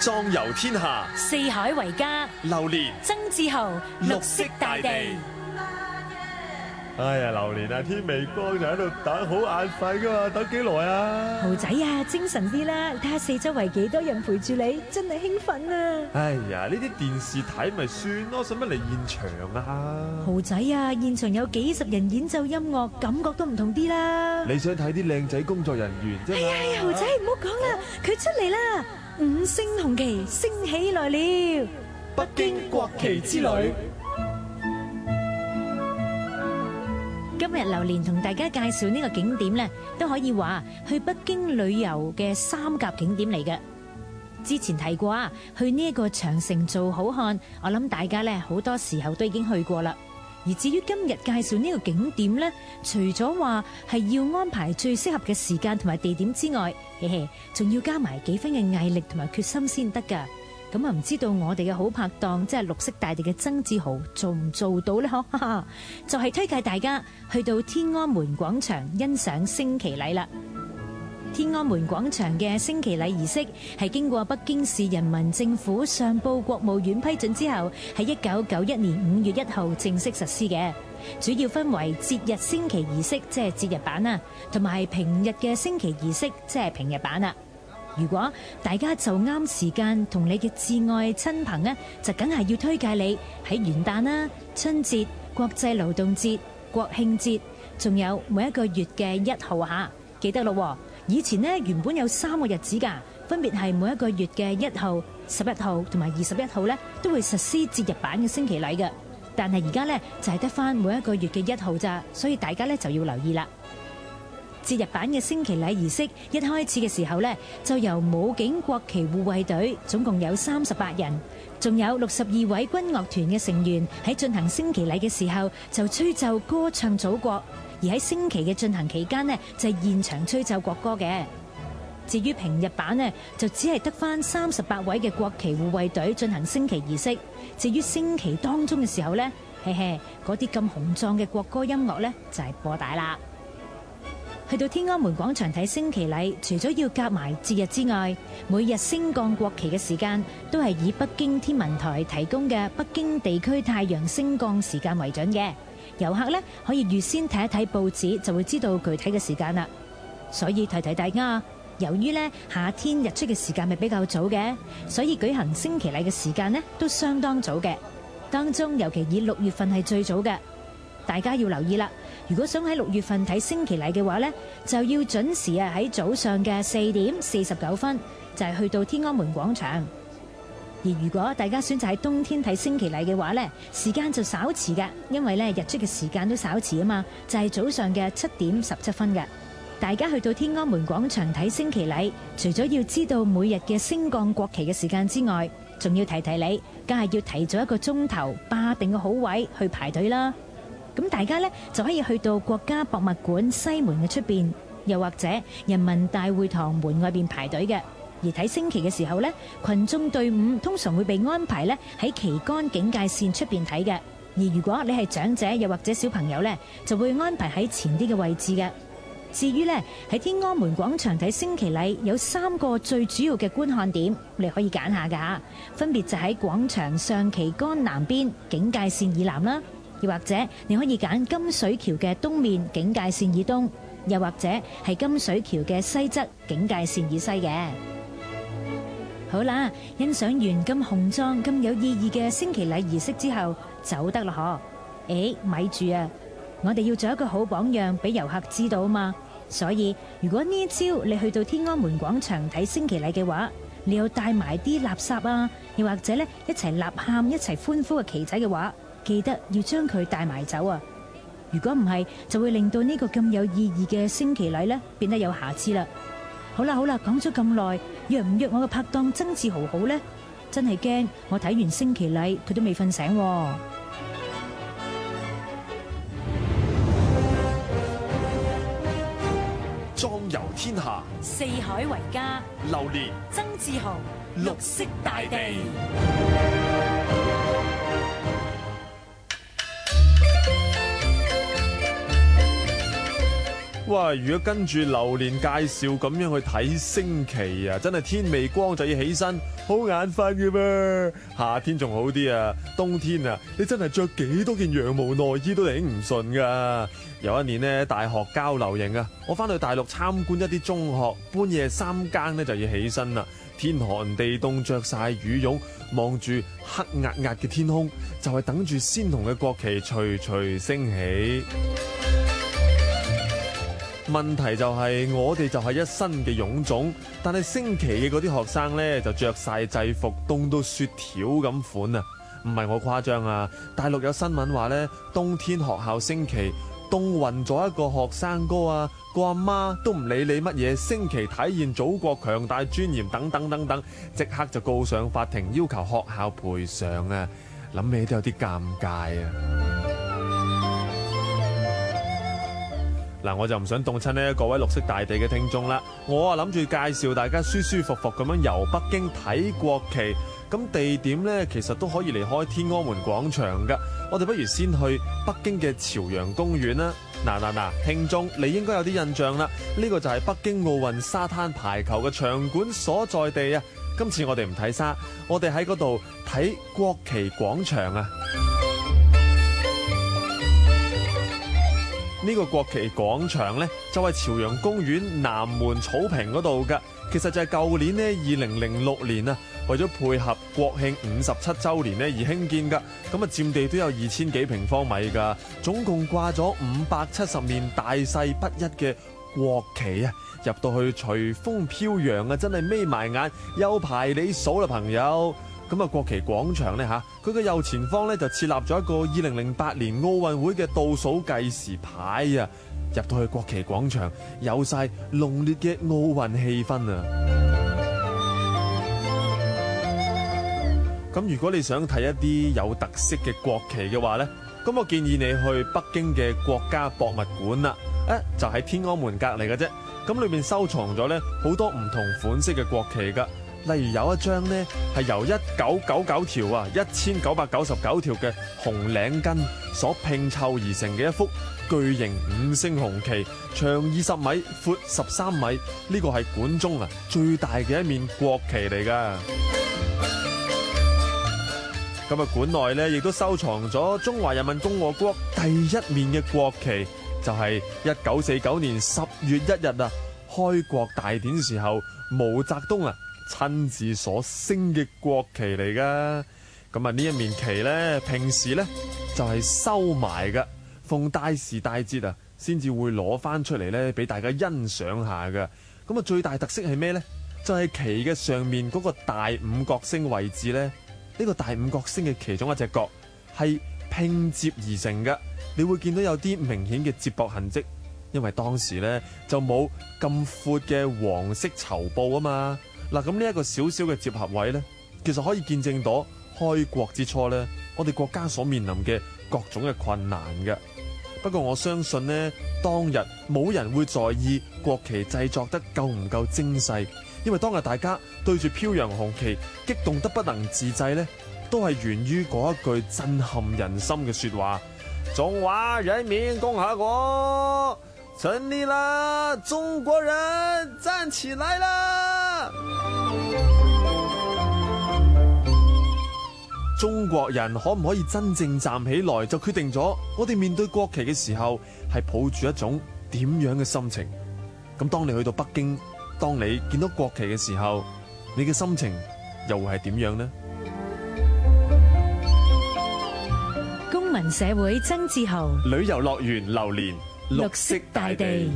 壯遊天下，四海為家，榴蓮，曾志豪，綠色大地。大地哎呀，榴蓮啊，天未光就喺度等，好眼瞓噶嘛，等幾耐啊？豪仔啊，精神啲啦，睇下四周圍幾多人陪住你，真係興奮啊！哎呀，呢啲電視睇咪算咯，使乜嚟現場啊？豪仔啊，現場有幾十人演奏音樂，感覺都唔同啲啦。你想睇啲靚仔工作人員啫？係啊，哎，豪仔唔好講啦，佢出嚟啦。五星紅旗升起來了，北京國旗之旅。今日榴槤同大家介紹呢個景點呢，都可以話去北京旅遊嘅三甲景點嚟嘅。之前提過啊，去呢一個長城做好漢，我諗大家呢，好多時候都已經去過啦。而至於今日介紹呢個景點咧，除咗話係要安排最適合嘅時間同埋地點之外，嘿嘿，仲要加埋幾分嘅毅力同埋決心先得㗎。咁啊，唔知道我哋嘅好拍檔即係綠色大地嘅曾志豪做唔做到咧？呵，就係推介大家去到天安門廣場欣賞升旗禮啦。天安門廣場嘅升旗禮儀式係經過北京市人民政府上報國務院批准之後，喺一九九一年五月一號正式實施嘅。主要分為節日升旗儀式，即係節日版啊，同埋平日嘅升旗儀式，即係平日版啊。如果大家就啱時間，同你嘅摯愛親朋咧，就梗係要推介你喺元旦啦、春節、國際勞動節、國慶節，仲有每一個月嘅一號下，記得咯。以前呢，原本有三個日子㗎，分別係每一個月嘅一號、十一號同埋二十一號呢，都會實施節日版嘅升旗禮㗎。但係而家呢，就係得返每一個月嘅一號咋，所以大家呢就要留意喇。節日版嘅升旗禮儀式，一開始嘅時候呢，就由武警國旗護衛隊總共有三十八人，仲有六十二位軍樂團嘅成員喺進行升旗禮嘅時候，就吹奏歌唱祖國。而喺升旗嘅進行期間呢，就係現場吹奏國歌嘅。至於平日版呢，就只係得返三十八位嘅國旗護衛隊進行升旗儀式。至於升旗當中嘅時候呢，嘿嘿，嗰啲咁雄壯嘅國歌音樂呢，就係播帶啦。去到天安門廣場睇升旗禮，除咗要夾埋節日之外，每日升降國旗嘅時間都係以北京天文台提供嘅北京地區太陽升降時間為準嘅。遊客咧可以預先睇一睇報紙就會知道具體嘅時間啦。所以，提提大家由於夏天日出嘅時間係比較早嘅，所以舉行升旗禮嘅時間呢都相當早嘅。當中尤其以六月份係最早嘅。大家要留意啦，如果想喺六月份睇升旗禮嘅話咧，就要準時啊喺早上嘅四點四十九分，就係去到天安門廣場。而如果大家選擇喺冬天睇升旗禮嘅話呢，時間就稍遲嘅，因為咧日出嘅時間都稍遲啊嘛，就係早上嘅七點十七分嘅。大家去到天安門廣場睇升旗禮，除咗要知道每日嘅升降國旗嘅時間之外，仲要提提你，梗係要提早一個鐘頭霸定個好位去排隊啦。咁大家呢，就可以去到國家博物館西門嘅出邊，又或者人民大會堂門外邊排隊嘅。而睇升旗嘅時候呢，群眾隊伍通常會被安排呢喺旗杆警戒線出邊睇嘅。而如果你係長者又或者小朋友呢，就會安排喺前啲嘅位置嘅。至於呢，喺天安門廣場睇升旗禮，有三個最主要嘅觀看點，你可以揀下噶，分別就喺廣場上旗杆南邊警戒線以南啦，又或者你可以揀金水橋嘅東面警戒線以東，又或者係金水橋嘅西側警戒線以西嘅。好啦，欣賞完咁雄壯、咁有意義嘅升旗禮儀式之後，走得喇嗬，誒、欸，咪住啊！我哋要做一個好榜樣俾遊客知道啊嘛。所以，如果呢一朝你去到天安門廣場睇升旗禮嘅話，你要帶埋啲垃圾啊，又或者咧一齊吶喊、一齊歡呼嘅旗仔嘅話，記得要將佢帶埋走啊。如果唔係，就會令到呢個咁有意義嘅升旗禮咧變得有瑕疵啦。好啦好啦，講咗咁耐，約唔約我嘅拍檔曾志豪好呢？真係驚我睇完升旗禮，佢都未瞓醒。壯遊天下，四海為家，榴蓮，曾志豪，綠色大地。哇！如果跟住榴槤介紹咁樣去睇升旗啊，真係天未光就要起身，好眼瞓嘅噃。夏天仲好啲啊，冬天啊，你真係着幾多件羊毛內衣都頂唔順噶。有一年呢，大學交流營啊，我翻去大陸參觀一啲中學，半夜三更呢就要起身啦，天寒地凍，着晒羽絨，望住黑壓壓嘅天空，就係等住鮮紅嘅國旗徐徐升起。問題就係、是、我哋就係一身嘅臃腫，但係升旗嘅嗰啲學生呢，就着晒制服，凍到雪條咁款啊！唔係我誇張啊！大陸有新聞話呢，冬天學校升旗凍暈咗一個學生哥啊，個阿媽都唔理你乜嘢，升旗體現祖國強大尊嚴等等等等，即刻就告上法庭要求學校賠償啊！諗起都有啲尷尬啊！嗱，我就唔想凍親呢各位綠色大地嘅聽眾啦，我啊諗住介紹大家舒舒服服咁樣遊北京睇國旗，咁地點呢，其實都可以離開天安門廣場噶。我哋不如先去北京嘅朝陽公園啦。嗱嗱嗱，聽眾你應該有啲印象啦，呢個就係北京奧運沙灘排球嘅場館所在地啊。今次我哋唔睇沙，我哋喺嗰度睇國旗廣場啊。呢個國旗廣場呢，就係朝陽公園南門草坪嗰度噶。其實就係舊年呢，二零零六年啊，為咗配合國慶五十七周年呢而興建噶。咁啊，佔地都有二千幾平方米噶，總共掛咗五百七十面大細不一嘅國旗啊。入到去隨風飄揚啊，真係眯埋眼又排你數啦，朋友。咁啊，國旗廣場咧吓，佢嘅右前方咧就設立咗一個二零零八年奧運會嘅倒數計時牌啊！入到去國旗廣場，有晒濃烈嘅奧運氣氛啊！咁 如果你想睇一啲有特色嘅國旗嘅話咧，咁我建議你去北京嘅國家博物館啦，誒，就喺、是、天安門隔籬嘅啫。咁裏面收藏咗咧好多唔同款式嘅國旗噶。例如有一張呢，係由一九九九條啊，一千九百九十九條嘅紅領巾所拼湊而成嘅一幅巨型五星紅旗，長二十米，闊十三米。呢個係館中啊最大嘅一面國旗嚟㗎。咁啊，館內咧亦都收藏咗中華人民共和國第一面嘅國旗，就係一九四九年十月一日啊開國大典時候，毛澤東啊。親自所升嘅國旗嚟噶，咁啊呢一面旗呢，平時呢就係收埋噶，逢大事大節啊，先至會攞翻出嚟呢，俾大家欣賞下噶。咁啊，最大特色係咩呢？就係旗嘅上面嗰個大五角星位置呢，呢個大五角星嘅其中一隻角係拼接而成嘅，你會見到有啲明顯嘅接駁痕跡，因為當時呢就冇咁闊嘅黃色綢布啊嘛。嗱，咁呢一個小小嘅接合位呢，其實可以見證到開國之初呢，我哋國家所面臨嘅各種嘅困難嘅。不過我相信呢，當日冇人會在意國旗製作得夠唔夠精細，因為當日大家對住飄揚紅旗激動得不能自制呢，都係源於嗰一句震撼人心嘅說話：中華人民共和國成立了，中國人站起來了。中國人可唔可以真正站起來，就決定咗我哋面對國旗嘅時候係抱住一種點樣嘅心情？咁當你去到北京，當你見到國旗嘅時候，你嘅心情又會係點樣呢？公民社會，曾志豪，旅遊樂園，流連，綠色大地。